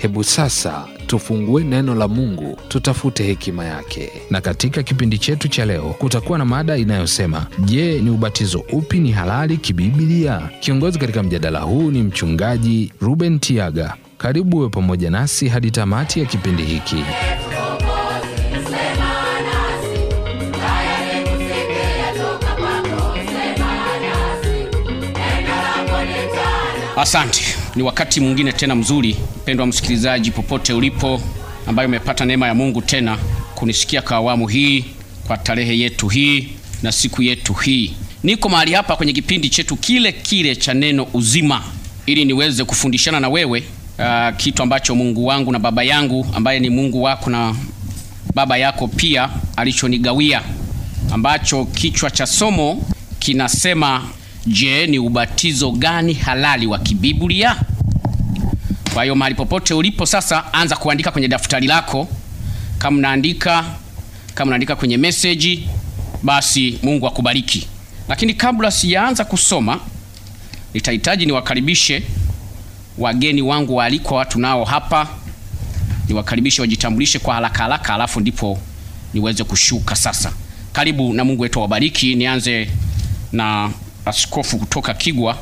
Hebu sasa tufungue neno la Mungu, tutafute hekima yake. Na katika kipindi chetu cha leo kutakuwa na mada inayosema, je, ni ubatizo upi ni halali kibiblia? Kiongozi katika mjadala huu ni mchungaji Ruben Tiaga. Karibu uwe pamoja nasi hadi tamati ya kipindi hiki. Asante. Ni wakati mwingine tena mzuri, mpendwa msikilizaji, popote ulipo, ambayo umepata neema ya Mungu tena kunisikia kwa awamu hii, kwa tarehe yetu hii na siku yetu hii. Niko mahali hapa kwenye kipindi chetu kile kile cha Neno Uzima ili niweze kufundishana na wewe uh, kitu ambacho Mungu wangu na Baba yangu ambaye ni Mungu wako na baba yako pia alichonigawia, ambacho kichwa cha somo kinasema Je, ni ubatizo gani halali wa kibiblia? Kwa hiyo mahali popote ulipo sasa, anza kuandika kwenye daftari lako. Kama unaandika kama unaandika kwenye message, basi Mungu akubariki. Lakini kabla sijaanza kusoma, nitahitaji niwakaribishe wageni wangu waalikwa, watu nao hapa, niwakaribishe wajitambulishe kwa haraka haraka, alafu ndipo niweze kushuka sasa. Karibu na Mungu wetu awabariki. Nianze na askofu kutoka Kigwa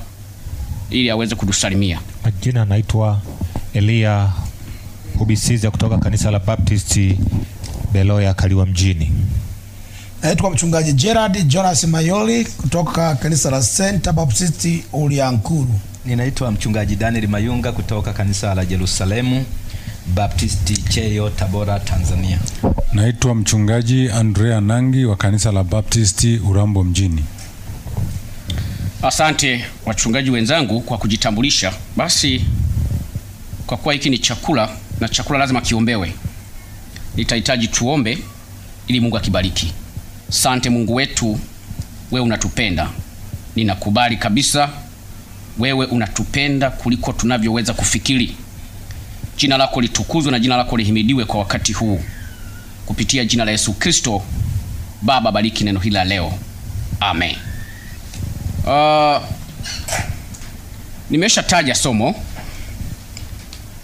ili aweze kutusalimia. Majina anaitwa Elia Hubisiza kutoka kanisa la Baptisti Beloya Kaliwa mjini. Naitwa mchungaji Gerard Jonas Mayoli kutoka kanisa la Center Baptist Uliankuru. Ninaitwa mchungaji Daniel Mayunga kutoka kanisa la Jerusalemu Baptist Cheyo Tabora, Tanzania. Naitwa mchungaji Andrea Nangi wa kanisa la Baptisti Urambo mjini. Asante wachungaji wenzangu kwa kujitambulisha. Basi kwa kuwa hiki ni chakula na chakula lazima kiombewe, nitahitaji tuombe ili Mungu akibariki. Sante Mungu wetu, wewe unatupenda. Ninakubali kabisa, wewe unatupenda kuliko tunavyoweza kufikiri. Jina lako litukuzwe na jina lako lihimidiwe kwa wakati huu, kupitia jina la Yesu Kristo. Baba, bariki neno hili leo, amen. Uh, nimeshataja somo,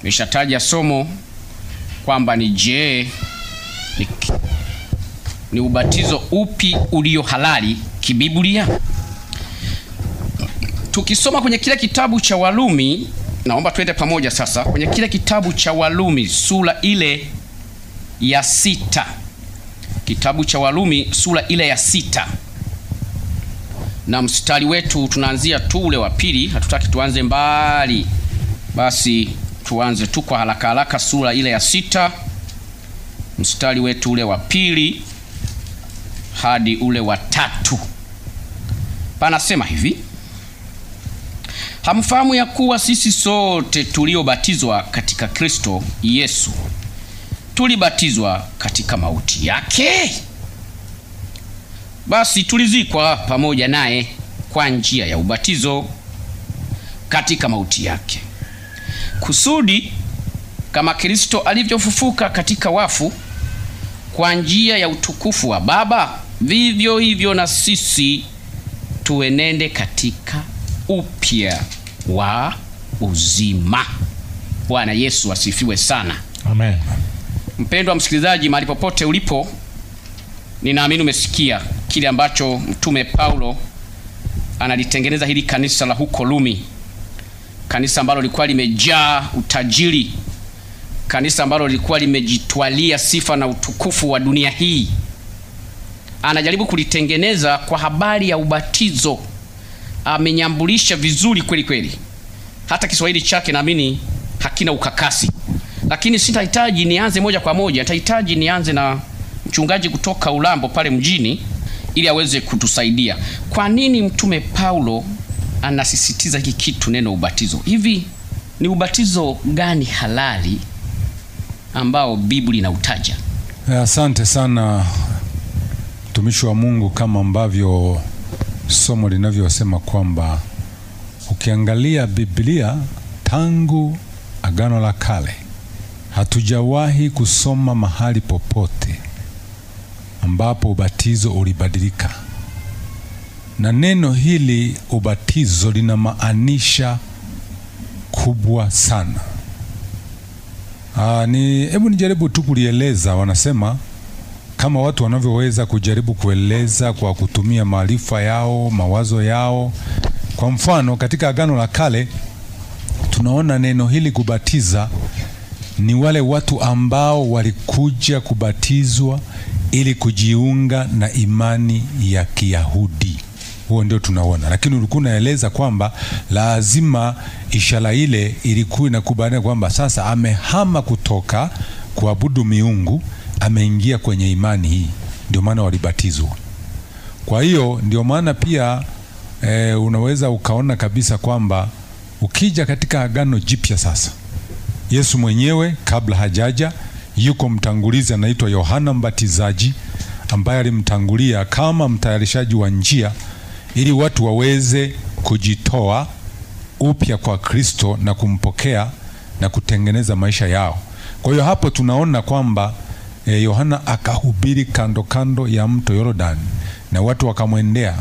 nimeshataja somo kwamba ni je, ni, ni ubatizo upi ulio halali kibiblia. Tukisoma kwenye kile kitabu cha Walumi, naomba tuende pamoja sasa kwenye kile kitabu cha Walumi sura ile ya sita, kitabu cha Walumi sura ile ya sita na mstari wetu tunaanzia tu ule wa pili, hatutaki tuanze mbali. Basi tuanze tu kwa haraka haraka sura ile ya sita mstari wetu ule wa pili hadi ule wa tatu. Panasema hivi: hamfahamu ya kuwa sisi sote tuliobatizwa katika Kristo Yesu tulibatizwa katika mauti yake? Basi tulizikwa pamoja naye kwa njia ya ubatizo katika mauti yake, kusudi kama Kristo alivyofufuka katika wafu kwa njia ya utukufu wa Baba, vivyo hivyo na sisi tuenende katika upya wa uzima. Bwana Yesu asifiwe sana. Amen. Mpendwa msikilizaji, mahali popote ulipo, ninaamini umesikia kile ambacho Mtume Paulo analitengeneza hili kanisa la huko Rumi, kanisa ambalo lilikuwa limejaa utajiri, kanisa ambalo lilikuwa limejitwalia sifa na utukufu wa dunia hii. Anajaribu kulitengeneza kwa habari ya ubatizo. Amenyambulisha vizuri kweli kweli, hata Kiswahili chake naamini hakina ukakasi, lakini sitahitaji nianze moja kwa moja, nitahitaji nianze na mchungaji kutoka Ulambo pale mjini ili aweze kutusaidia. Kwa nini Mtume Paulo anasisitiza hiki kitu, neno ubatizo? Hivi ni ubatizo gani halali ambao Biblia inautaja? Eh, asante sana mtumishi wa Mungu, kama ambavyo somo linavyosema kwamba ukiangalia Biblia tangu Agano la Kale hatujawahi kusoma mahali popote ambapo ubatizo ulibadilika, na neno hili ubatizo lina maanisha kubwa sana. Aa, ah, ni hebu nijaribu tu kulieleza. Wanasema kama watu wanavyoweza kujaribu kueleza kwa kutumia maarifa yao, mawazo yao. Kwa mfano, katika Agano la Kale tunaona neno hili kubatiza ni wale watu ambao walikuja kubatizwa ili kujiunga na imani ya Kiyahudi. Huo ndio tunaona, lakini ulikuwa unaeleza kwamba lazima ishara ile ilikuwa inakubaliana kwamba sasa amehama kutoka kuabudu miungu, ameingia kwenye imani hii. Ndio maana walibatizwa. Kwa hiyo ndio maana pia e, unaweza ukaona kabisa kwamba ukija katika Agano Jipya sasa Yesu mwenyewe kabla hajaja yuko mtangulizi anaitwa Yohana Mbatizaji ambaye alimtangulia kama mtayarishaji wa njia ili watu waweze kujitoa upya kwa Kristo na kumpokea na kutengeneza maisha yao. Kwa hiyo hapo tunaona kwamba eh, Yohana akahubiri kando kando ya mto Yordani na watu wakamwendea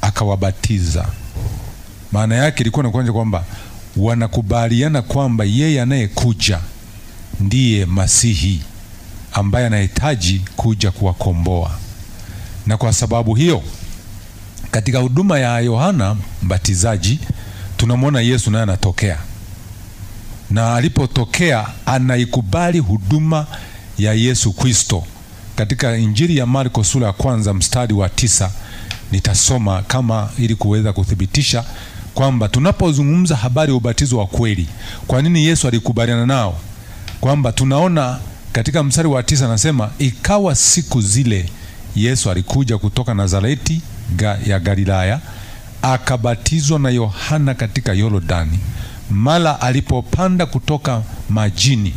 akawabatiza. Maana yake ilikuwa ni kwamba wanakubaliana kwamba yeye anayekuja ndiye Masihi ambaye anahitaji kuja kuwakomboa. Na kwa sababu hiyo, katika huduma ya Yohana Mbatizaji tunamwona Yesu naye anatokea, na alipotokea anaikubali huduma ya Yesu Kristo. Katika Injili ya Marko sura ya kwanza mstari wa tisa nitasoma kama ili kuweza kuthibitisha kwamba tunapozungumza habari ya ubatizo wa kweli, kwa nini Yesu alikubaliana nao? kwamba tunaona katika mstari wa tisa anasema ikawa siku zile Yesu alikuja kutoka Nazareti ga, ya Galilaya akabatizwa na Yohana katika Yordani. mala alipopanda kutoka majini,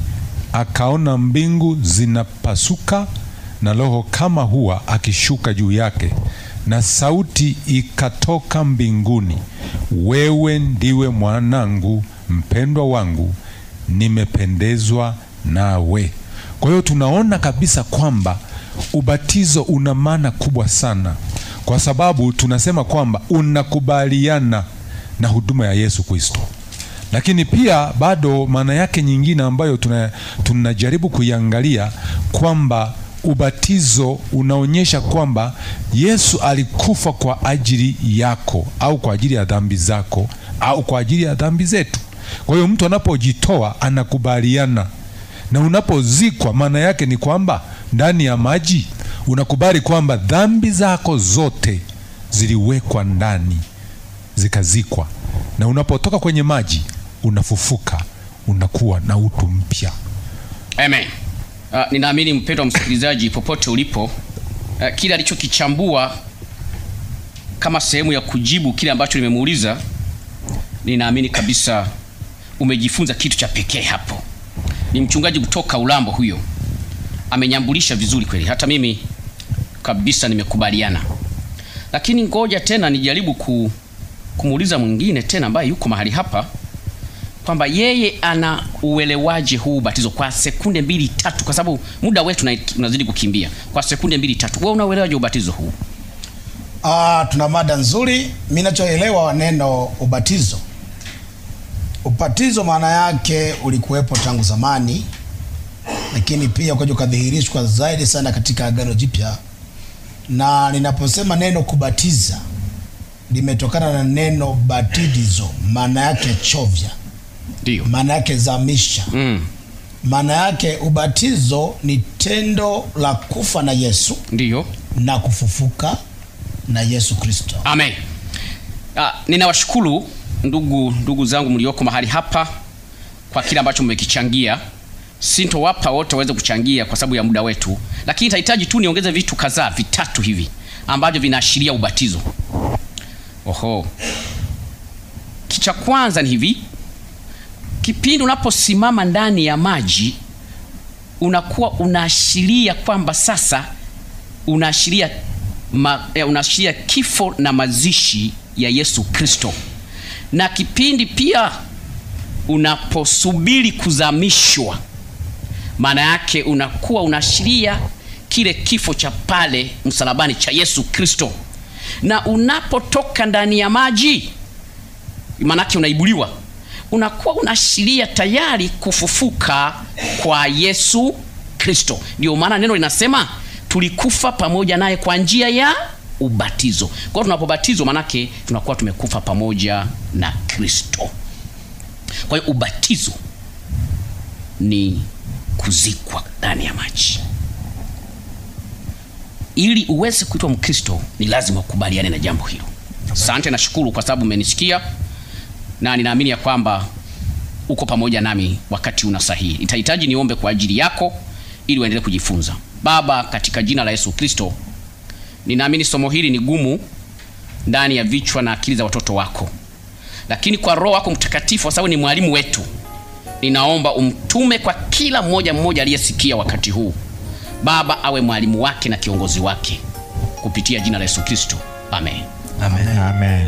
akaona mbingu zinapasuka na Roho kama hua akishuka juu yake, na sauti ikatoka mbinguni, wewe ndiwe mwanangu mpendwa wangu nimependezwa nawe. Kwa hiyo tunaona kabisa kwamba ubatizo una maana kubwa sana, kwa sababu tunasema kwamba unakubaliana na huduma ya Yesu Kristo, lakini pia bado maana yake nyingine ambayo tunajaribu tuna kuiangalia kwamba ubatizo unaonyesha kwamba Yesu alikufa kwa ajili yako au kwa ajili ya dhambi zako au kwa ajili ya dhambi zetu. Kwa hiyo mtu anapojitoa anakubaliana, na unapozikwa maana yake ni kwamba ndani ya maji unakubali kwamba dhambi zako zote ziliwekwa ndani zikazikwa, na unapotoka kwenye maji unafufuka, unakuwa na utu mpya. Amen. Uh, ninaamini mpendwa msikilizaji, popote ulipo, uh, kile alichokichambua kama sehemu ya kujibu kile ambacho nimemuuliza, ninaamini kabisa umejifunza kitu cha pekee hapo. Ni mchungaji kutoka Ulambo huyo, amenyambulisha vizuri kweli, hata mimi kabisa nimekubaliana, lakini ngoja tena nijaribu ku, kumuuliza mwingine tena ambaye yuko mahali hapa kwamba yeye ana uelewaje huu ubatizo kwa sekunde mbili tatu, kwa sababu muda wetu unazidi kukimbia. Kwa sekunde mbili tatu, wewe unauelewaje ubatizo huu? Ah, tuna mada nzuri. Mimi ninachoelewa neno ubatizo Ubatizo maana yake ulikuwepo tangu zamani, lakini pia ukaja ukadhihirishwa zaidi sana katika Agano Jipya. Na ninaposema neno kubatiza limetokana na neno batidizo, maana yake chovya, ndio maana yake zamisha. mm. Maana yake ubatizo ni tendo la kufa na Yesu ndio na kufufuka na Yesu Kristo. Amen. Ah, ninawashukuru ndugu, ndugu zangu mlioko mahali hapa kwa kile ambacho mmekichangia. Sintowapa wote waweze kuchangia kwa sababu ya muda wetu, lakini tahitaji tu niongeze vitu kadhaa vitatu hivi ambavyo vinaashiria ubatizo. Oho, kicha kwanza ni hivi, kipindi unaposimama ndani ya maji unakuwa unaashiria kwamba sasa unaashiria eh, unaashiria kifo na mazishi ya Yesu Kristo na kipindi pia unaposubiri kuzamishwa, maana yake unakuwa unaashiria kile kifo cha pale msalabani cha Yesu Kristo, na unapotoka ndani ya maji, maana yake unaibuliwa, unakuwa unaashiria tayari kufufuka kwa Yesu Kristo. Ndio maana neno linasema tulikufa pamoja naye kwa njia ya ubatizo. Kwa hiyo tunapobatizwa, maanake tunakuwa tumekufa pamoja na Kristo. Kwa hiyo ubatizo ni kuzikwa ndani ya maji. Ili uweze kuitwa Mkristo ni lazima ukubaliane na jambo hilo. Asante, nashukuru kwa sababu umenisikia na ninaamini ya kwamba uko pamoja nami wakati una sahihi. Itahitaji niombe kwa ajili yako ili uendelee kujifunza. Baba, katika jina la Yesu Kristo Ninaamini somo hili ni gumu ndani ya vichwa na akili za watoto wako, lakini kwa Roho wako Mtakatifu, kwa sababu ni mwalimu wetu, ninaomba umtume kwa kila mmoja mmoja aliyesikia wakati huu. Baba awe mwalimu wake na kiongozi wake, kupitia jina la Yesu Kristo, amen, amen. amen.